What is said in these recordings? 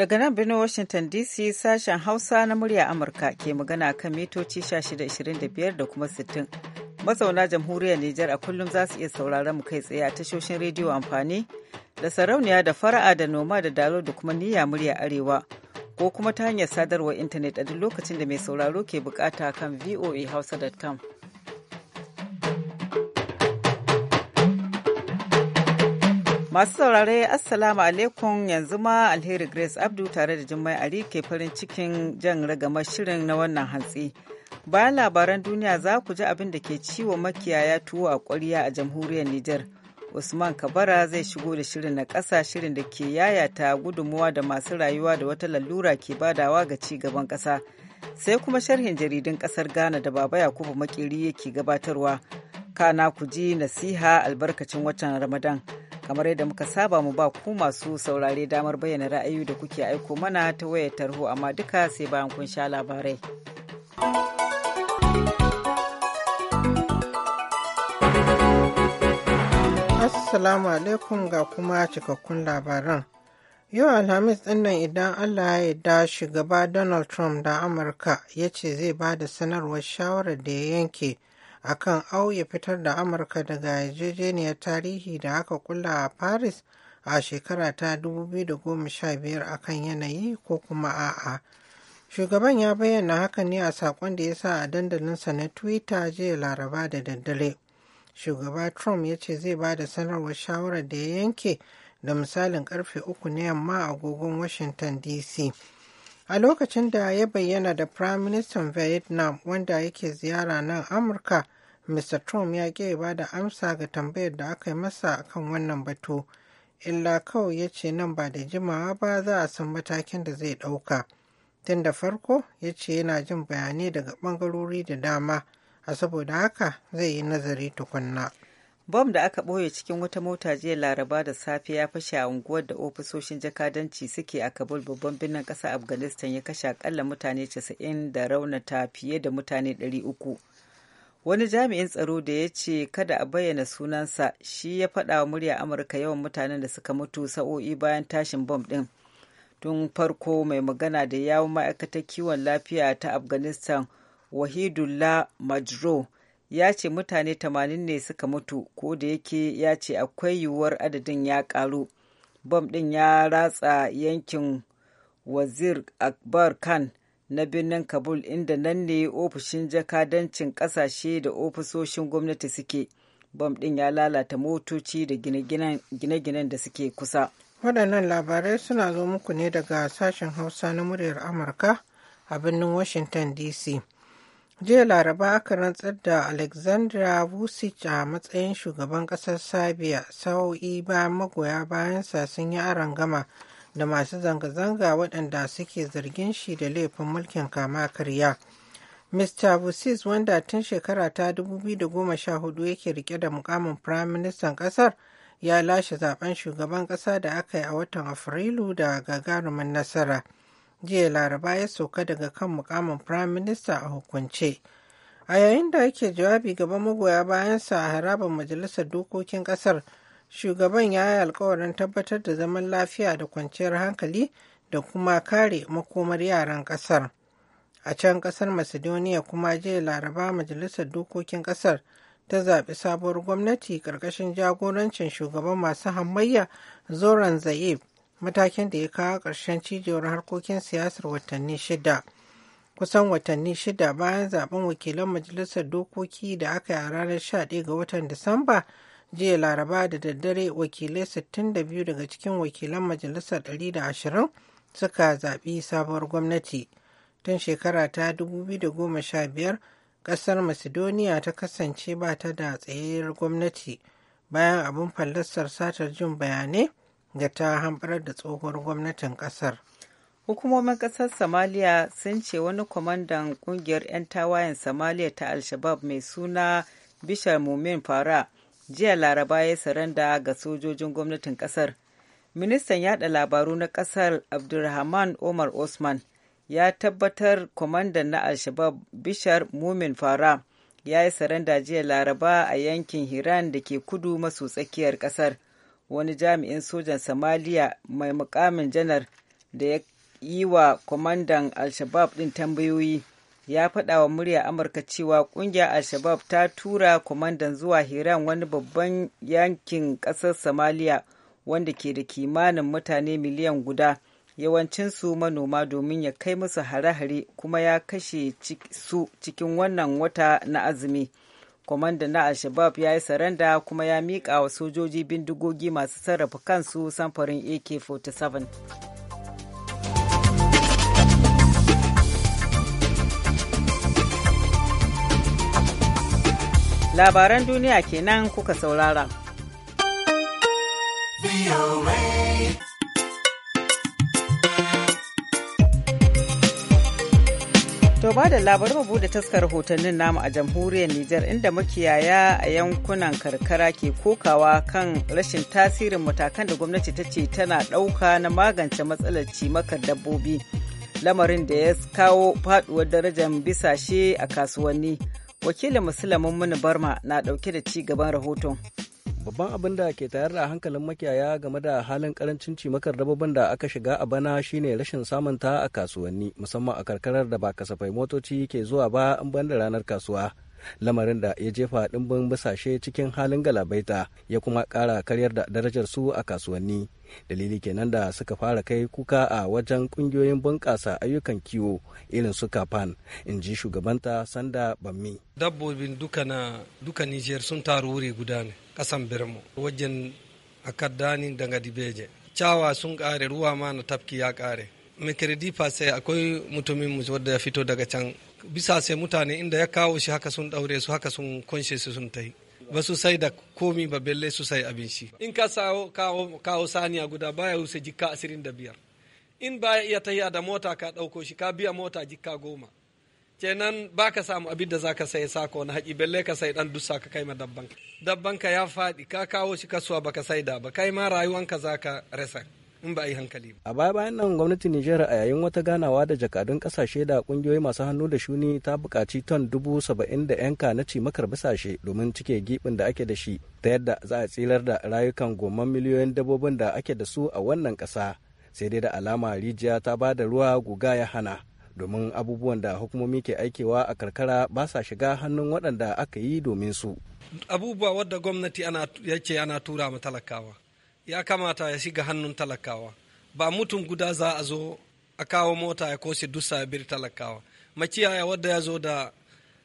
Daga nan birnin Washington DC sashen Hausa na murya Amurka ke magana kan mitoci 1625 da kuma 60. Mazauna jamhuriyar Nijar a kullum za su iya sauraron mu kai tsaye a tashoshin rediyo amfani da sarauniya da fara'a da noma da dalo da kuma niyya murya arewa ko kuma ta hanyar sadarwar intanet a duk lokacin da mai sauraro ke bukata kan voahausa.com. Masu saurare Assalamu alaikum yanzu ma Alheri Grace Abdu tare da Jummai Ali ke farin cikin jan ragamar shirin na wannan hantsi. Bayan labaran duniya za ku ji abin da ke ciwo makiyaya tuwo a ƙwarya a jamhuriyar Nijar. Usman Kabara zai shigo da shirin na ƙasa shirin da ke yayata gudunmuwa da masu rayuwa da wata lalura ke badawa ga ci gaban ƙasa. Sai kuma sharhin jaridun ƙasar Ghana da Baba Yakubu makiri yake gabatarwa. Kana ku ji nasiha albarkacin watan Ramadan. kamar yadda muka saba mu ba ku masu saurare damar bayyana ra'ayoyi da kuke aiko mana ta waya tarho amma duka sai bayan kun sha labarai. Assalamu alaikum ga kuma cikakkun labaran. Yau Alhamis nan idan Allah ya yarda shugaba Donald Trump da Amurka ya ce zai ba da sanarwar shawarar da ya yanke akan au ya fitar da amurka daga yarjejeniyar tarihi da aka kulla a paris a shekara ta 2015 akan yanayi ko kuma a'a shugaban ya bayyana hakan ne a saƙon da ya sa a dandalinsa na twitter jiya laraba da daddare shugaba trump ya ce zai ba da sanarwar shawarar da ya yanke da misalin karfe uku na yamma a agogon washington dc a lokacin da ya bayyana da prime minister vietnam wanda yake ziyara nan amurka mr trump ya ƙi ba da amsa ga tambayar da aka yi masa kan wannan batu illa kawai ya ce nan ba da jimawa ba za a san matakin da zai ɗauka tun da farko ya ce yana jin bayanai daga ɓangarori da dama a saboda haka zai yi nazari tukunna. bom da aka ɓoye cikin wata mota jiya laraba da safe ya fashe a unguwar da ofisoshin jakadanci suke a kabul babban birnin ƙasa afghanistan ya kashe akalla mutane 90 da raunata fiye da mutane 300 wani jami'in tsaro da ya ce kada a bayyana sunansa shi ya faɗa wa murya amurka yawan mutanen da suka mutu sa'o'i bayan tashin bom ɗin tun farko mai magana da yawon ma'aikatar kiwon lafiya ta afghanistan wahidullah majro ya ce mutane 80 ne suka mutu ko da yake ya ce akwai yiwuwar adadin ya karu bom ɗin ya ratsa yankin wazir akbar khan na birnin kabul inda nan ne ofishin jakadancin ƙasashe da ofisoshin gwamnati suke bom ɗin ya lalata motoci da gine-ginen da suke kusa waɗannan labarai suna zo muku ne daga sashen hausa na muryar amurka a birnin washington dc jiya laraba aka rantsar da alexandra vucic a matsayin shugaban kasar serbia sa'o'i ba magoya bayansa sun yi gama da masu zanga-zanga waɗanda suke zargin shi da laifin mulkin kama karya mr vucic wanda tun shekara ta 2014 yake rike da mukamin Prime ministan kasar ya lashe zaben shugaban kasa da aka yi a watan afrilu da gagarumin nasara. jiya laraba ya sauka daga kan mukamin Prime Minister a hukunce a yayin da ake jawabi gaba magoya bayansa a harabar majalisar dokokin kasar shugaban ya yi alkawarin tabbatar da zaman lafiya da kwanciyar hankali da kuma kare makomar yaran kasar a can kasar macedonia kuma jiya laraba majalisar dokokin kasar ta zaɓi sabuwar gwamnati ƙarƙashin jagorancin shugaban masu hamayya zoran zayev matakin da ya kawo ƙarshen cijewar harkokin siyasar watanni shida kusan watanni shida bayan zaben wakilan majalisar dokoki da aka yi a ranar 11 ga watan disamba jiya laraba da daddare wakilai 62 daga cikin wakilan majalisar 120 suka zaɓi sabuwar gwamnati tun shekara ta 2015 ƙasar macedonia ta kasance ba ta da tsayayyar gwamnati bayan abin fallasar satar jin bayanai da ta hamɓarar da tsohuwar gwamnatin ƙasar. Hukumomin ƙasar Somalia sun ce wani kwamandan ƙungiyar 'yan tawayen Somalia ta Al-Shabab mai suna Bishar Mumin Fara jiya Laraba ya saranda ga sojojin gwamnatin ƙasar. Ministan Yaɗa labaru na ƙasar Abdulrahman Omar Osman ya tabbatar kwamandan na Al-Shabab Bishar Mumin Fara ya yi saranda jiya Laraba a yankin Hiran da ke kudu maso tsakiyar ƙasar. wani jami'in sojan samaliya mai mukamin janar da ya yi wa kwamandan Al-Shabab tambayoyi ya faɗa wa murya Amurka cewa ƙungiyar al ta tura kwamandan zuwa Hiran wani babban yankin ƙasar samaliya wanda ke da kimanin mutane miliyan guda yawancin su manoma domin ya kai musu hare-hare kuma ya kashe su cikin wannan wata na azumi. kwamanda na al-shabab ya yi saranda kuma ya miƙa wa sojoji bindigogi masu sarrafa kansu samfarin ak-47 labaran duniya kenan kuka saurara. To da labar mu bude taskar hotonnin namu a jamhuriyar Nijar inda makiyaya a yankunan karkara ke kokawa kan rashin tasirin matakan da gwamnati ta ce tana ɗauka na magance matsalar cimakar dabbobi. Lamarin da ya kawo faduwar darajar bisashe a kasuwanni. Wakilin Musulmin Muni Barma na ɗauke da ci gaban rahoton. babban abin da ke tayar da hankalin makiyaya game da halin karancin cimakar dababban da aka shiga a bana shine rashin samunta a kasuwanni musamman a karkarar da ba kasafai motoci ke zuwa ba in banda ranar kasuwa lamarin da ya jefa dimbin bisashe cikin halin galabaita ya kuma kara karyar da darajar su a kasuwanni dalili kenan da suka fara kai kuka a wajen ƙungiyoyin bunƙasa ayyukan kiwo irin su kafan in ji shugabanta sanda bammi dabbobin duka na duka niger sun taru wuri guda ne kasan birmo wajen akadani daga dibeje cawa sun kare ruwa ma na tafki ya ƙare mai kredi sai akwai mutumin mu wanda ya fito daga can bisa sai mutane inda ya kawo shi haka sun daure su haka sun kunshe su sun tai ba su sai da komi ba belle su sai abin shi in ka kawo saniya guda baya wuce jikka asirin da biyar in baya iya tahiya da mota ka ɗauko shi ka biya mota jikka goma kenan ba ka samu abin da za ka sai sako na haƙi belle ka sai dan dusa ka kai ma dabbanka dabbanka ya faɗi ka kawo shi kasuwa baka ka sai da ba kai ma rayuwanka za ka resa in ba a yi hankali A baya bayan nan gwamnatin Nijar a yayin wata ganawa da jakadun kasashe da kungiyoyi masu hannu da shuni ta bukaci ton dubu saba'in da yanka na cimakar bisashe domin cike gibin da ake da shi ta yadda za a tsilar da rayukan goman miliyoyin dabbobin da ake da su a wannan kasa Sai dai da alama rijiya ta ba da ruwa guga ya hana domin abubuwan da hukumomi ke aikewa a karkara ba sa shiga hannun waɗanda aka yi domin su. Abubuwa wadda gwamnati ana yake ana tura mu talakawa. ya kamata ya shiga hannun talakawa ba mutum guda za a zo a kawo mota ya kose ya bir talakawa makiyaya wadda ya zo da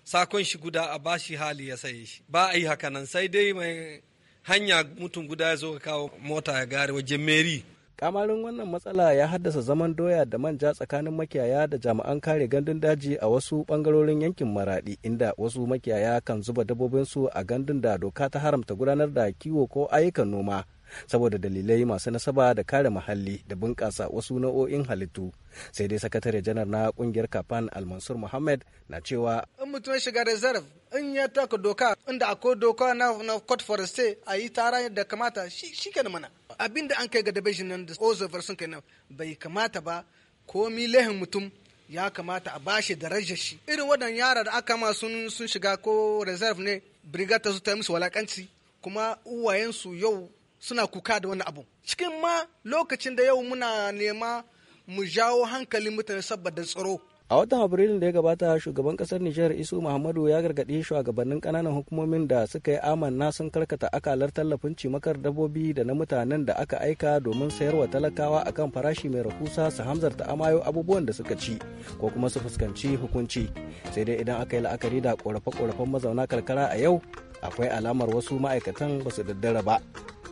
sakon shi guda a bashi hali ya saye shi ba a yi haka nan sai dai mai hanya mutum guda ya zo ka kawo mota ya gare wajen meri kamarin wannan matsala ya haddasa zaman doya da manja tsakanin makiyaya da jami'an kare gandun daji a wasu bangarorin yankin maradi inda wasu makiyaya kan zuba dabobinsu a gandun da doka ta haramta gudanar da kiwo ko ayyukan noma saboda dalilai masu nasaba da kare muhalli da bunƙasa wasu nau'o'in halittu sai dai sakatare janar na kungiyar kafan almansur muhammad na cewa in mutum ya shiga reserve in ya taka doka inda akwai doka na na court foreste a yi tara da kamata shi shi mana abin da an kai ga division nan da ozover sun kai nan bai kamata ba komi lehin mutum ya kamata a bashi darajar shi irin wadan yara da aka ma sun sun shiga ko reserve ne brigade ta su ta musu walakanci kuma uwayensu yau suna kuka da wani abu cikin ma lokacin da yau muna nema mu jawo hankalin mutane saboda tsaro a watan abrilun da ya gabata shugaban kasar nijar isu muhammadu ya gargaɗi shugabannin ƙananan hukumomin da suka yi amanna sun karkata akalar tallafin cimakar dabbobi da na mutanen da aka aika domin sayarwa talakawa akan farashi mai rahusa su hamzarta amayo abubuwan da suka ci ko kuma su fuskanci hukunci sai dai idan aka yi la'akari da ƙorafe-ƙorafen mazauna karkara a yau akwai alamar wasu ma'aikatan ba su daddara ba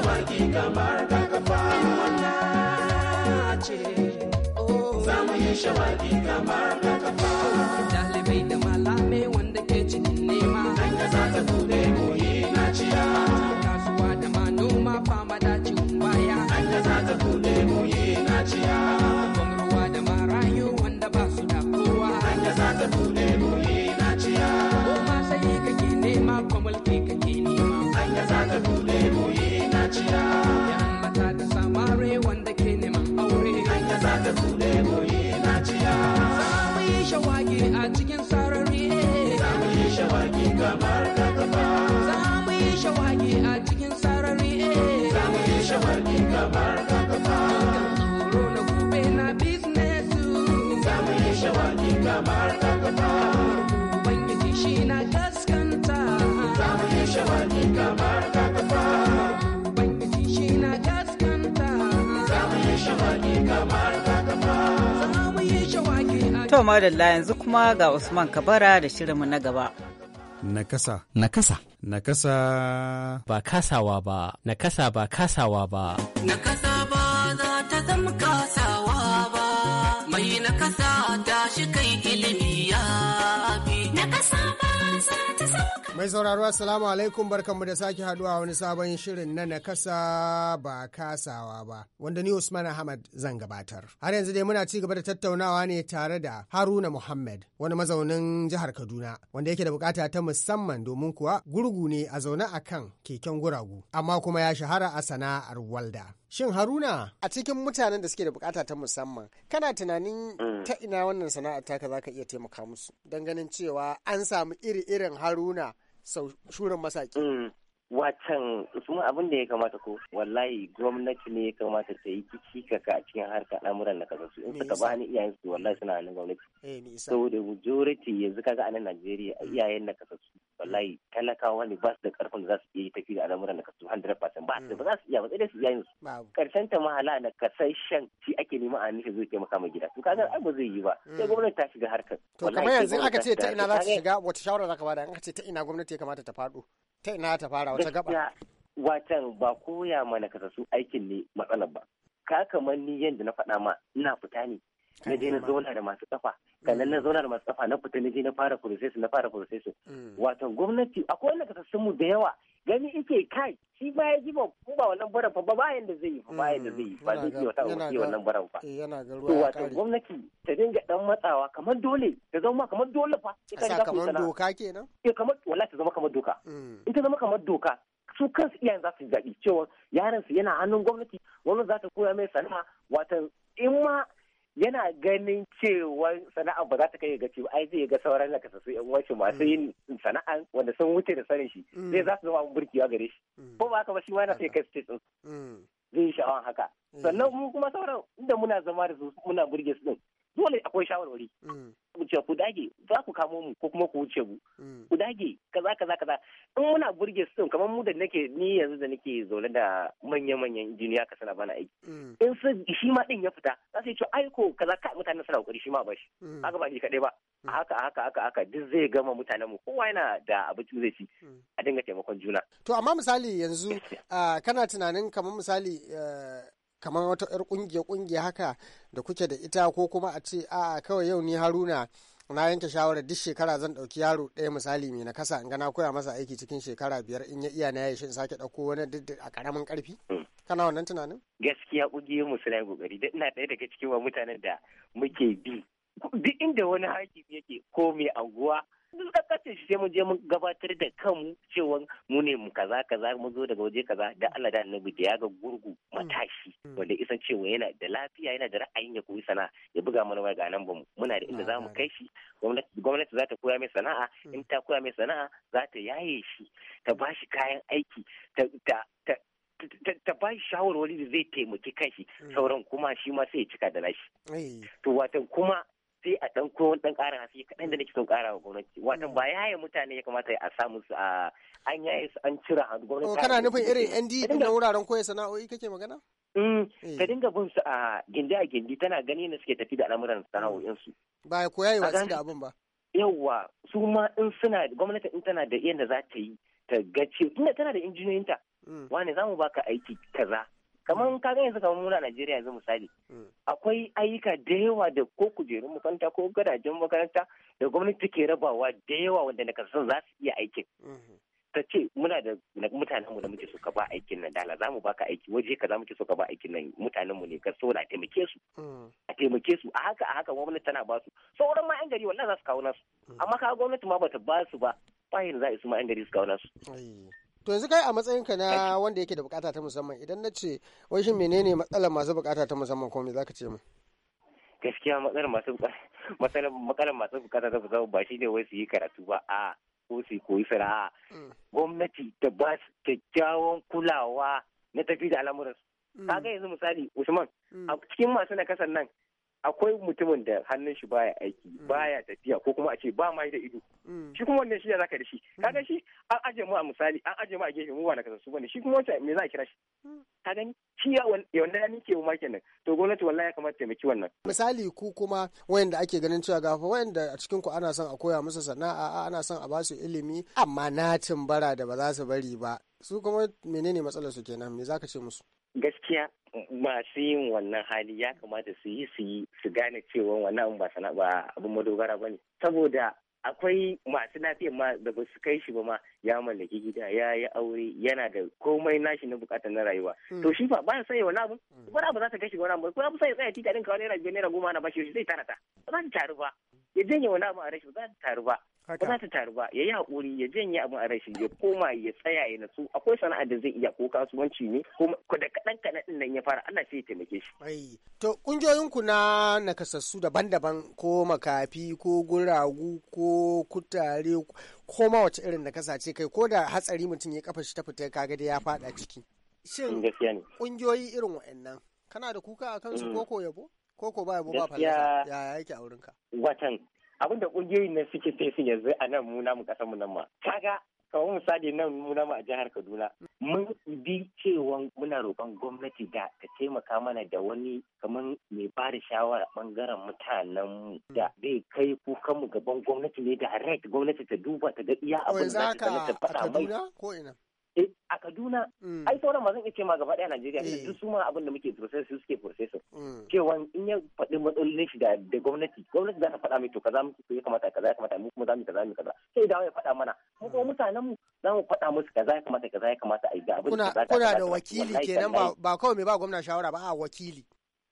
dawaki kamar kakafa wannan ce za mu yi shawaki kamar To madalla yanzu kuma ga Usman Kabara da shirinmu na gaba. Nakasa. Nakasa. Nakasa. Ba kasawa ba. Nakasa ba kasawa ba. Nakasa ba za ta zama kasawa ba. Mai nakasa ta shi kai ilimi. Mai sauraro Assalamu alaikum barkanmu da sake haduwa wani sabon shirin na nakasa ba kasawa ba wanda ni Usman Ahmad zan gabatar. Har yanzu dai muna ci gaba da tattaunawa ne tare da Haruna Muhammad wani mazaunin jihar Kaduna wanda yake da bukata ta musamman domin kuwa gurgu ne a zaune a kan keken guragu amma kuma ya shahara a sana'ar walda. Shin Haruna a cikin mutanen da suke da bukata ta musamman kana tunanin mm. ta ina wannan sana'ar taka zaka iya taimaka musu don ganin cewa an samu iri-irin Haruna sau masaki mm, watan kuma abin da ya kamata ko wallahi gwamnati ne ya kamata ta yi kici kaka a cikin harka al'amuran na kasa in suka ba ni iyayen su wallahi suna nan gwamnati eh, saboda majority yanzu kaga a nan Najeriya mm. iyayen na kasa su wallahi talakawa ne ba su da karfin da za su iya yi tafi da al'amuran na kasu 100% ba su ba za su iya ba sai dai su iya yin su karshen ta mahala na kasashen shi ake nema a nishin zai taimaka ma gida to kaga ai ba zai yi ba sai hmm. gwamnati ta shiga harkar to kamar yanzu aka ce ta ina za ta shiga wata shawara za ka bada aka ce ta ina gwamnati ya kamata ta faɗo ta ina ta fara wata gaba watan ba koya mana kasasu aikin ne matsalar ba ka kamar ni yadda na faɗa ma ina fita ne na je mm. na zauna da masu kafa kanan na zauna da masu kafa na fita na je na fara furusesu na fara furusesu mm. wato gwamnati akwai wanda kasassun mu da yawa gani ike kai shi ba ya ji ba ku ba wannan baran fa ba bayan da zai yi ba bayan da zai yi ba mm. zai yi wata wani wannan baran fa to wato gwamnati ta dinga dan matsawa kamar dole ta zama kamar dole fa ita ta kamar doka kenan eh kamar wallahi ta zama kamar doka in ta zama kamar doka su kansu iyayen za su zaɓi cewa yaron su yana hannun gwamnati Wani za ta koya mai sana'a watan in ma yana ganin cewa sana'a ba za ta kai ga ba ai zai ga sauran nakasassu yan uwanshi masu yin sana'a wanda sun wuce da sanin shi mm. zai za su zama abin burkewa gare shi mm. ko ba haka ba shi ma yana sai kai state din mm. zai yi sha'awan haka sannan mu kuma sauran inda muna zama da su muna burge su din dole akwai shawarwari ku mm. ce ku dage za ku kamo mu ko kuma ku wuce mu mm. ku dage kaza kaza kaza in muna burge su kamar mu da nake ni yanzu da nake zaune da manyan manyan injiniya ka sana bana aiki mm. in su shi ma din ya fita za su yi to ai ko kaza ka mutanen suna kokari shi ma ba shi haka ba ni kadai ba a haka haka haka haka duk zai gama mutanen mu kowa yana da abinci zai ci a dinga taimakon juna to amma misali yanzu kana tunanin kamar misali eh, kamar wata 'yar kungiya-kungiya haka da kuke da ita ko kuma a ce a kawai yau ni haruna na yanke shawarar duk shekara zan ɗauki yaro ɗaya misali mai na kasa in ga na koya masa aiki cikin shekara biyar in ya iya na yayi shin sake ɗauko wani duk a ƙaramin ƙarfi mm. kana wannan tunanin gaskiya kungiyar mu suna kokari da ina ɗaya daga cikin wa mutanen da muke bi duk inda wani hakimi yake ko mai anguwa duk kakkacin shi mu je mu gabatar da kanmu cewa mu ne mu kaza kaza mu zo daga waje kaza da Allah da annabi da ya ga gurgu mm. matashi mm. wanda isan cewa yana da lafiya yana da ra'ayin ya koyi sana'a ya buga mana waya ga nan bamu muna da inda zamu kai shi gwamnati za ta koya mai sana'a mm. in ta koya mai sana'a za ta yaye shi ta ba shi kayan aiki ta ta ba shi shawarwari da zai taimaki shi sauran kuma shi ma sai ya cika da nashi to watan kuma sai a ɗan ko ɗan ƙara haske kaɗan da nake son ƙara wa gwamnati watan mm. ba yaya mutane ya kamata a samu su a an yaye su an cira hannu gwamnati oh, kana nufin irin ND da e wuraren koyar sana'o'i kake magana mm, eh. ka dinga bin su a gindi a gindi tana gani ne suke tafi da al'amuran sana'o'insu ba ya koya yi wasu da abin ba yawwa su ma in suna gwamnati in tana da yadda za ta yi ta gace tunda tana da injiniyoyinta mm. wane za mu baka aiki kaza kamar ka ga yanzu kamar muna Najeriya yanzu misali mm. akwai ayyuka da yawa da ko kujerun makaranta ko gadajen makaranta da gwamnati ke rabawa da yawa wanda na kasan za su iya aikin mm-hmm. ta ce muna da mutanen mu da muke so ka ba aikin nan dala za mu baka aiki waje ka za muke so ka ba aikin nan mutanen mu ne ka so na taimake su mm. a taimake su a haka a haka gwamnati tana ba su sauran ma'an gari wallahi za su kawo nasu mm. amma ka gwamnati ma bata ba su ba bayan za a isu ma gari su kawo nasu to yanzu kai a matsayin ka na wanda yake da bukata ta musamman idan na ce wai shin menene matsalar masu bukata ta musamman ko me zaka ce mu gaskiya matsalar masu matsalar matsalar masu bukata ta musamman ba shi ne wai su yi karatu ba a ko su koyi sana'a mm. gwamnati ta ba su kyakkyawan kulawa na tafi da al'amuran mm. kaga yanzu misali Usman mm. a cikin masu nakasan nan akwai mutumin da hannun shi baya aiki mm. baya tafiya ko kuma a ce ba mai da ido mm. shi kuma wannan shi ya zaka da shi mm. kaga shi an aje mu a misali an aje mu a gefe mu ba na kasassu bane shi kuma wata me za a kira shi ka gani shi ya wanda ya nike mu makin nan to gwamnati wallahi ya kamata taimaki wannan misali ku kuma wayanda ake ganin cewa gafa wayanda a cikin ku ana son a koya musu sana'a ana son a ba su ilimi amma natin bara da ba za su bari ba su kuma menene matsalar su kenan me zaka ce musu gaskiya masu yin wannan hali ya kamata su yi su yi su gane cewa wannan abin ba sana ba abin madogara ba ne saboda akwai masu lafiya ma da ba su kai shi ba ma ya mallaki gida ya yi aure yana da komai nashi na bukatar na rayuwa hmm. to shi fa ba ya sanya wani abu wani hmm. abu za ta kai shi wani abu ko ya fi sanya tita din kawai naira biyar naira goma na bashi shi zai tara ta ba za ta taru ba ya janye wani abu a rashi ba za ta taru ba ba za ta taru ba ya yi hakuri ya janye abin a rashin ya koma ya tsaya ya natsu akwai sana'a da zai iya ko kasuwanci ne ko da kaɗan kaɗan ɗin nan ya fara ana sai ya taimake shi. to ku na nakasassu daban-daban ko makafi ko guragu ko kutare ko ma wace irin nakasa ce kai ko da hatsari mutum ya kafa shi ta fita kaga da ya faɗa ciki. Shin ƙungiyoyi irin waɗannan kana da kuka a kansu koko mm. yabo? Koko ba yabo ba fallasa ya yake a wurinka? Watan abin da kungiyoyin nan suke fesin yanzu a nan muna mu kasar mu nan ma kaga kamar misali nan muna mu a jihar Kaduna mun bi cewa muna roƙon gwamnati da ta taimaka mana da wani kamar mai ba da shawara bangaren mutanen mu da bai kai kukan mu gaban gwamnati ne da gwamnati ta duba ta ga iya abin da ta faɗa mai ko Eh, a Kaduna mm. ai sauran ma zan iya ce ma gaba ɗaya Najeriya ne eh. duk su ma abin da muke process su suke processing mm. cewa in ya faɗi matsalolin shi da gwamnati gwamnati za ta faɗa mai to kaza muke so ya kamata kaza ya kamata mu kuma za mu kaza mu kaza sai dawo ya faɗa mana mu kuma mm. mutanen mu za mu faɗa musu kaza ya kamata kaza ya kamata a yi ga abin da kuna da wakili kenan ba kawai mai ba gwamna shawara ba a wakili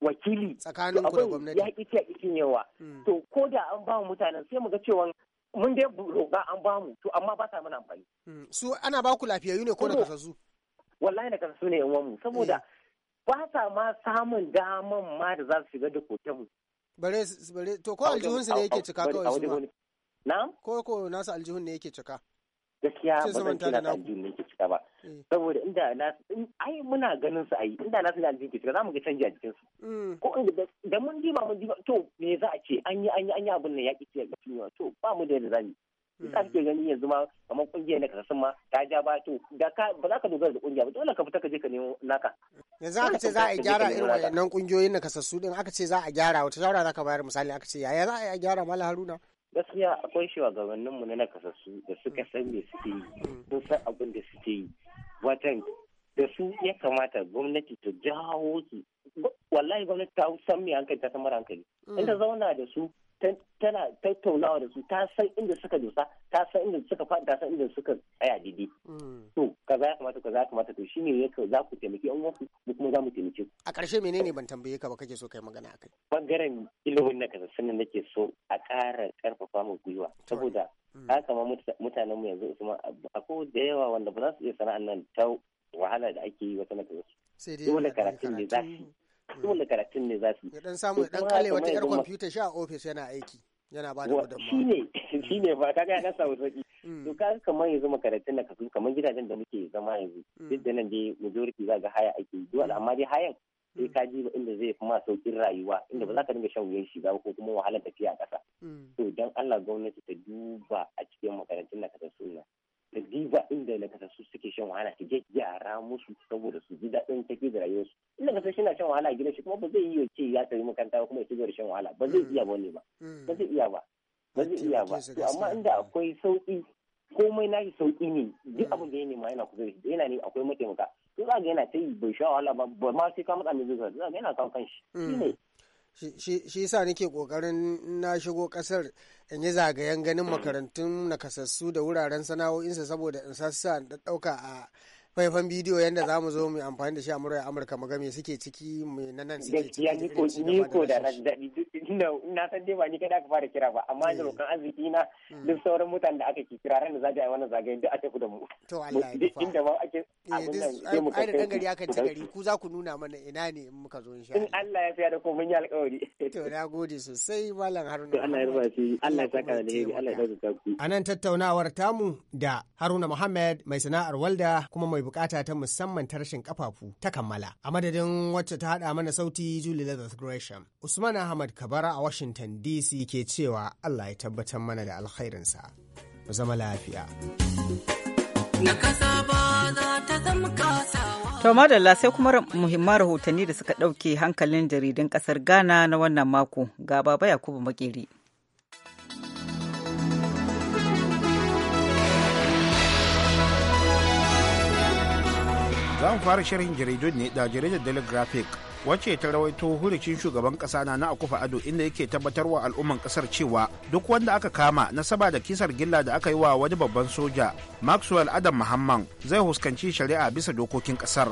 wakili tsakanin ku da gwamnati ya ki ta yawa to ko da an ba mutanen sai mu ga cewa mun dai roƙa an bamu to amma ba sa mana amfani. Mm, su ana ba ku lafiyayyu ne ko na kasassu. wallahi na kasassu ne yan mu saboda mm. ba sa ma samun daman ma da za su shiga da mu. bare bare to ko aljihun su ne yake cika kawai su ma. na ko ko nasu aljihun ne yake cika. gaskiya ba zan kira aljihun ne yake cika ba Eh. saboda inda na ai muna ganin su ayi inda na suna aljihun shiga za mu ga canji a jikin su mm. ko inda da mun ba mun ba to me za a ce an yi an yi an yi abin nan ya kike ce ga to ba mu da yadda zamu mm. isa kake gani yanzu ma kamar kungiyar da ka san ma ta ja ba to da ka ba za ka dogara da kungiya ba dole ka fita ka je ka nemo naka yanzu aka ce za a gyara irin wannan kungiyoyin na kasassu din aka ce za a gyara wata shawara za ka bayar misali aka ce yaya za a gyara mala haruna gaskiya akwai gabaninmu na nakasassu da suka mm. san me suke yi sun san abin da suke yi watan da su ya kamata gwamnati ta jawo su wallahi gwamnati ta san mai hankali ta samar mara hankali mm. inda zauna da su tana tattaunawa da su ta san inda suka dosa ta san inda suka faɗi ta san inda suka tsaya didi mm. to kaza ya kamata kaza ya kamata to shine yake za ku taimaki an wasu mu kuma za mu taimake ku a ƙarshe menene ban tambaye ka ba kake so kai magana akai bangaren ilimin na kasa sanin nake so a ƙara ƙarfafa mu gwiwa saboda Mm. haka kama mutanenmu yanzu usman akwai da yawa wanda ba za su iya sana'an nan ta wahala da ake yi wata na kansu dole karatun ne za su dole karatun ne za su ya dan samu ya dan kale wata yar kwamfuta shi a ofis yana aiki yana ba da gudunmawa shi ne ba mm. kaga ya dan samu sauki mm. to ka kamar yanzu makarantun na kasu kamar gidajen da muke zama yanzu duk da nan dai majority za ga haya ake yi Duk amma dai hayan sai ka ji inda zai fi ma saukin rayuwa inda ba za ka dinga shan wuyan ba ko kuma wahalar tafiya a ƙasa mm. to dan Allah gwamnati ta duba a cikin makarantun nakasassu nan ta diba inda su suke shan wahala ta gyara musu saboda su ji daɗin take da rayuwarsu inda kasa shi na shan wahala a gidan shi kuma ba zai iya ce ya tafi makaranta kuma ya ci shan wahala ba zai mm. iya ba ne ba mm. ba zai iya ba ba zai iya ba to amma inda akwai sauki komai na shi sauki ne duk abin da ya nema yana kusa yana ne akwai mataimaka in za ga yana ta yi bai sha wahala ba ba ma sai ka matsa mai zuwa za ga yana kawo kanshi mm. shi yasa nake kokarin na shigo kasar in yi zagayen ganin makarantun nakasassu da wuraren sana'o'insa saboda in sassa da dauka a faifan bidiyo yadda za mu zo mu amfani da shi a murar amurka mu ga me suke ciki me nan suke ciki gaskiya ni ko da na daɗi duk tunda na san dai ba ni kada ka fara kira ba amma ni eh. rokan arziki na hmm. duk sauran mutanen da aka kira ran da za ta yi wannan zagaye duk a tafi da mu to wallahi ya inda ba ake eh, abin nan sai mu kai da gari akan ta gari ku za ku nuna mana ina ne in muka zo insha Allah in Allah ya fiya da ko mun yi alƙawari to na gode sosai mallam Haruna Allah ya ba shi Allah ya saka da Allah ya saka ku anan tattaunawar tamu da Haruna Muhammad mai sana'ar walda kuma mai bukata ta musamman tarshin kafafu ta kammala a madadin wacce ta hada mana sauti Julie Lazarus Gresham Usman Ahmad Kabar Kabara a Washington DC ke cewa Allah ya tabbatar mana da alkhairinsa. Mu zama lafiya. To madalla sai kuma muhimman rahotanni da suka ɗauke hankalin jaridun kasar Ghana na wannan mako ga Baba Yakubu Makeri. Za fara sharhin jaridun ne da jaridar Daily wacce ta rawaito hurucin shugaban kasa na akufa ado inda yake tabbatar wa al'umman kasar cewa duk wanda aka kama nasaba da kisar gilla da aka yi wa wani babban soja maxwell adam muhammad zai huskanci shari'a bisa dokokin kasar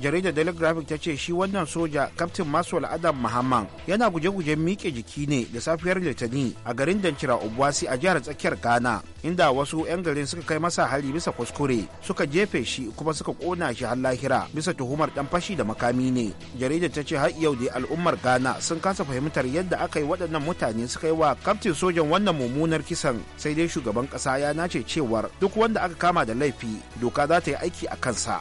jaridar daily graphic ta ce shi wannan soja kaftin maswal adam mahamman yana guje guje miƙe jiki ne da safiyar litani a garin dancira obwasi a jihar tsakiyar ghana inda wasu 'yan garin suka kai masa hali bisa kuskure suka jefe shi kuma suka kona shi har lahira bisa tuhumar dan fashi da makami ne jaridar ta ce har yau da al'ummar ghana sun kasa fahimtar yadda aka yi waɗannan mutane suka yi wa kaftin sojan wannan mummunar kisan sai dai shugaban ƙasa ya nace cewar duk wanda aka kama da laifi doka za ta yi aiki a kansa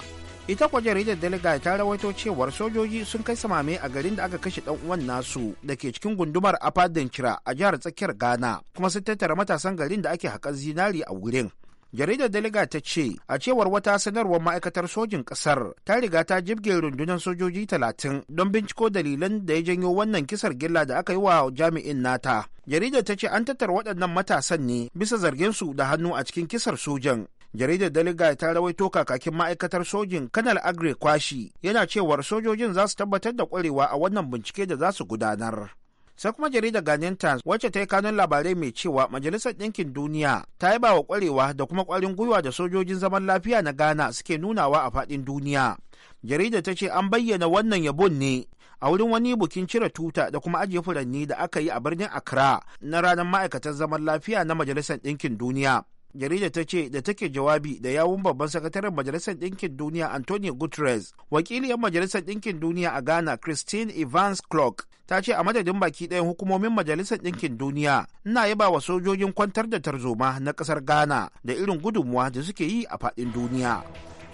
ita kwa jaridar delegate ta rawaito cewar sojoji sun kai samame a garin da aka kashe dan uwan nasu da ke cikin gundumar afadin kira a jihar tsakiyar ghana kuma sun tattara matasan garin da ake haƙar zinari a wurin jaridar daliga ta ce a cewar wata sanarwar ma'aikatar sojin ƙasar ta riga ta jibge rundunar sojoji talatin don binciko dalilan da ya janyo wannan kisar gilla da aka yi wa jami'in nata jaridar ta ce an tattara waɗannan matasan ne bisa zargin su da hannu a cikin kisar sojan jaridar daliga ta rawaito kakakin ma'aikatar sojin kanal agri kwashi yana cewar sojojin za su tabbatar da kwarewa a wannan bincike da za su gudanar sai kuma jaridar Ghanaian Times wacce ta yi kanun labarai mai cewa Majalisar Ɗinkin Duniya ta yi bawa kwarewa da kuma kwarin gwiwa da sojojin zaman lafiya na Ghana suke nunawa a faɗin duniya. Jaridar ta ce an bayyana wannan yabon ne a wurin wani bukin cire tuta da kuma ajiye furanni da aka yi a birnin Accra na ranar ma'aikatan zaman lafiya na Majalisar Ɗinkin Duniya. jaridar ta ce da take jawabi da yawun babban sakataren majalisar ɗinkin duniya antonio guterres wakiliyar majalisar ɗinkin duniya a ghana christine evans clark ta ce a madadin baki ɗayan hukumomin majalisar ɗinkin duniya ina yaba wa sojojin kwantar da tarzoma na ƙasar ghana da irin gudunmuwa da suke yi a faɗin duniya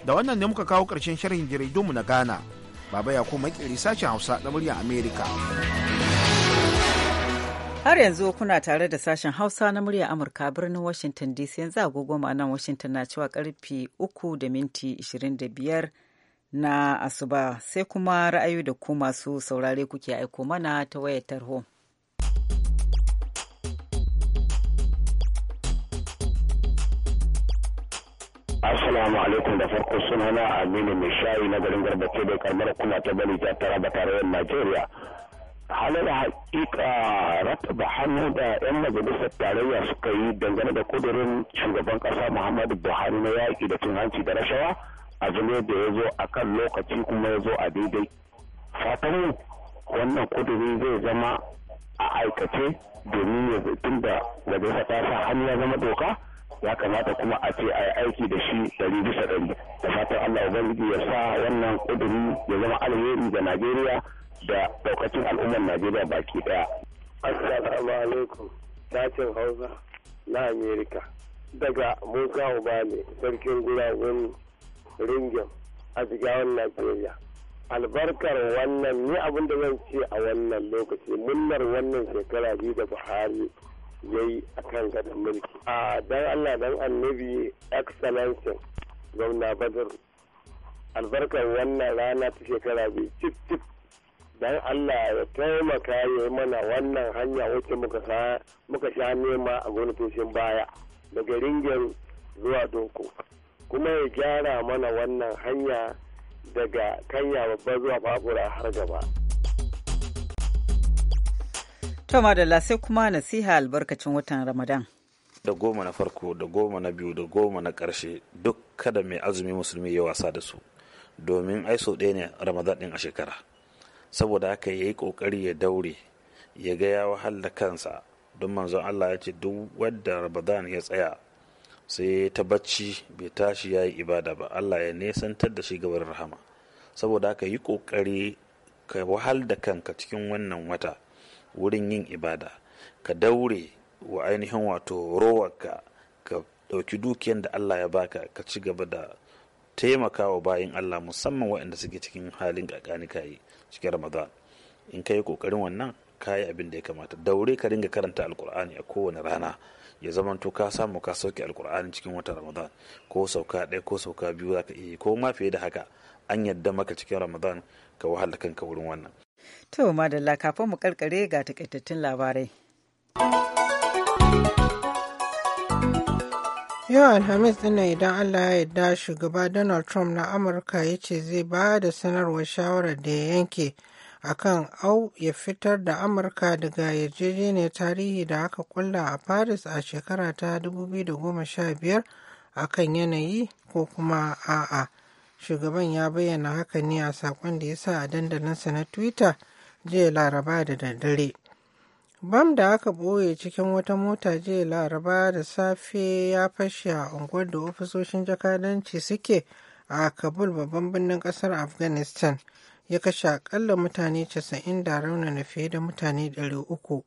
da wannan ne muka kawo ƙarshen sharhin jaridunmu na ghana baba ya kuma makeri sashen hausa na murya america Har yanzu kuna tare da sashen Hausa na murya Amurka birnin Washington DC yanzu agogo nan Washington na cewa karfe 3 da minti 25 na asuba sai kuma ra'ayi da ku masu saurare kuke aiko mana ta wayar tarho. Assalamu alaikum da farko sunana Aminu Mishayi na garin Garba ke da karmar kula ta bari ta tara ba tarayyar Najeriya. halar haƙiƙa rataba hannu da 'yan majalisar tarayya suka yi dangane da kudurin shugaban ƙasa muhammadu buhari na yaƙi da cin hanci da rashawa a zama da ya zo a kan lokaci kuma ya zo a daidai fatanmu wannan kuduri zai zama a aikace domin ya tun da majalisar ta sa hannu ya zama doka ya kamata kuma a ce a yi aiki da shi ɗari bisa Allah ubangiji ya sa wannan kuduri ya zama alheri ga Najeriya da daukacin al'ummar Najeriya baki ɗaya. Assalamu alaikum sashen Hausa na Amerika daga Musa Ubani, sarkin guragun Ringin a jigawan Najeriya. Albarkar wannan ni abin da zan ce a wannan lokaci munnar wannan shekara biyu da Buhari ya yi a kan gadon mulki. A dan Allah dan annabi excellence, gwamna Badar albarkar wannan rana ta shekara biyu cip cip don Allah ya taimaka ya yi mana wannan hanya wacce muka sha nema a gwamnatocin baya daga ringin zuwa doko kuma ya gyara mana wannan hanya daga kanya babba zuwa fafura har gaba. To madalla sai kuma nasiha albarkacin watan Ramadan. Da goma na farko, da goma na biyu, da goma na karshe duk kada mai azumi musulmi ya wasa da su. domin ai sau ɗaya ne ramadan ɗin a shekara saboda haka ya yi ƙoƙari ya daure ya ga ya wahala kansa don manzon Allah ya ce duk wadda ramadan ya tsaya sai ta bacci bai tashi ya yi ibada ba Allah ya nesantar da shi gabar rahama saboda haka yi ƙoƙari ka wahal da kanka cikin wannan wata wurin yin ibada ka daure wa ainihin wato rowarka ka ɗauki dukiyan da Allah ya baka ka ci gaba da taimaka wa bayan Allah musamman waɗanda suke cikin halin ka yi cikin Ramadan in ka yi kokarin wannan ka yi abin da ya kamata daure ka ringa karanta alkur'ani a kowane rana ya zamanto ka samu ka sauke alkur'ani cikin watan Ramadan ko sauka ɗaya ko sauka biyu za ka iya ko ma fiye da haka an yadda maka cikin Ramadan ka wahala kanka wurin wannan. To madalla kafin mu karkare ga takaitattun labarai. Yau Alhamis nan idan Allah ya yarda shugaba Donald Trump na Amurka ya ce zai ba da sanarwar shawarar da ya yanke akan au ya fitar da Amurka daga yarjejeniyar tarihi da aka kulla a Paris a shekara ta 2015 akan yanayi ko kuma a'a. Shugaban ya bayyana haka ne a sakon da ya sa a dandalinsa na Twitter jiya Laraba da daddare. bam da aka ɓoye cikin wata mota jiya laraba da safe ya fashe a unguwar da ofisoshin jakadanci suke a kabul babban birnin kasar afghanistan ya kashe akalla mutane 90 da raunana fiye da mutane 300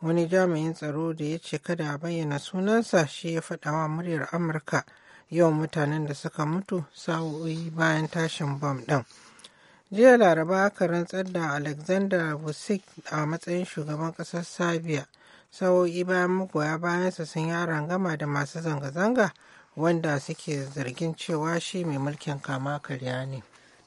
wani jami'in tsaro da ya ce kada a bayyana sunansa shi ya faɗawa muryar amurka yawan mutanen da suka mutu sa'o'i bayan tashin bam ɗin. jiya laraba aka rantsar da alexander vucic a matsayin shugaban kasar serbia sa'o'i bayan magoya bayansa sun yi rangama da masu zanga-zanga wanda suke zargin cewa shi mai mulkin kama karya ne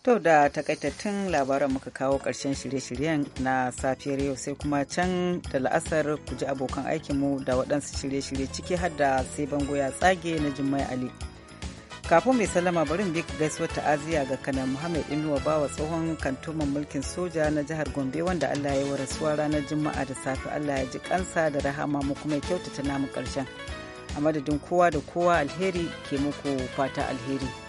To da takaitattun labaran muka kawo ƙarshen shirye-shiryen na safiyar yau sai kuma can da la'asar ku ji abokan aikinmu da waɗansu shirye-shirye ciki har da sai bango ya tsage na Jummai Ali. kafin mai salama bari bi gaisuwar ta'aziyya ga kana muhammad inuwa bawa tsohon kantoman mulkin soja na jihar gombe wanda allah ya wa rasuwa ranar juma'a da safe allah ya ji kansa da rahama mu kuma kyautata namu karshen a madadin kowa da kowa alheri ke muku fata alheri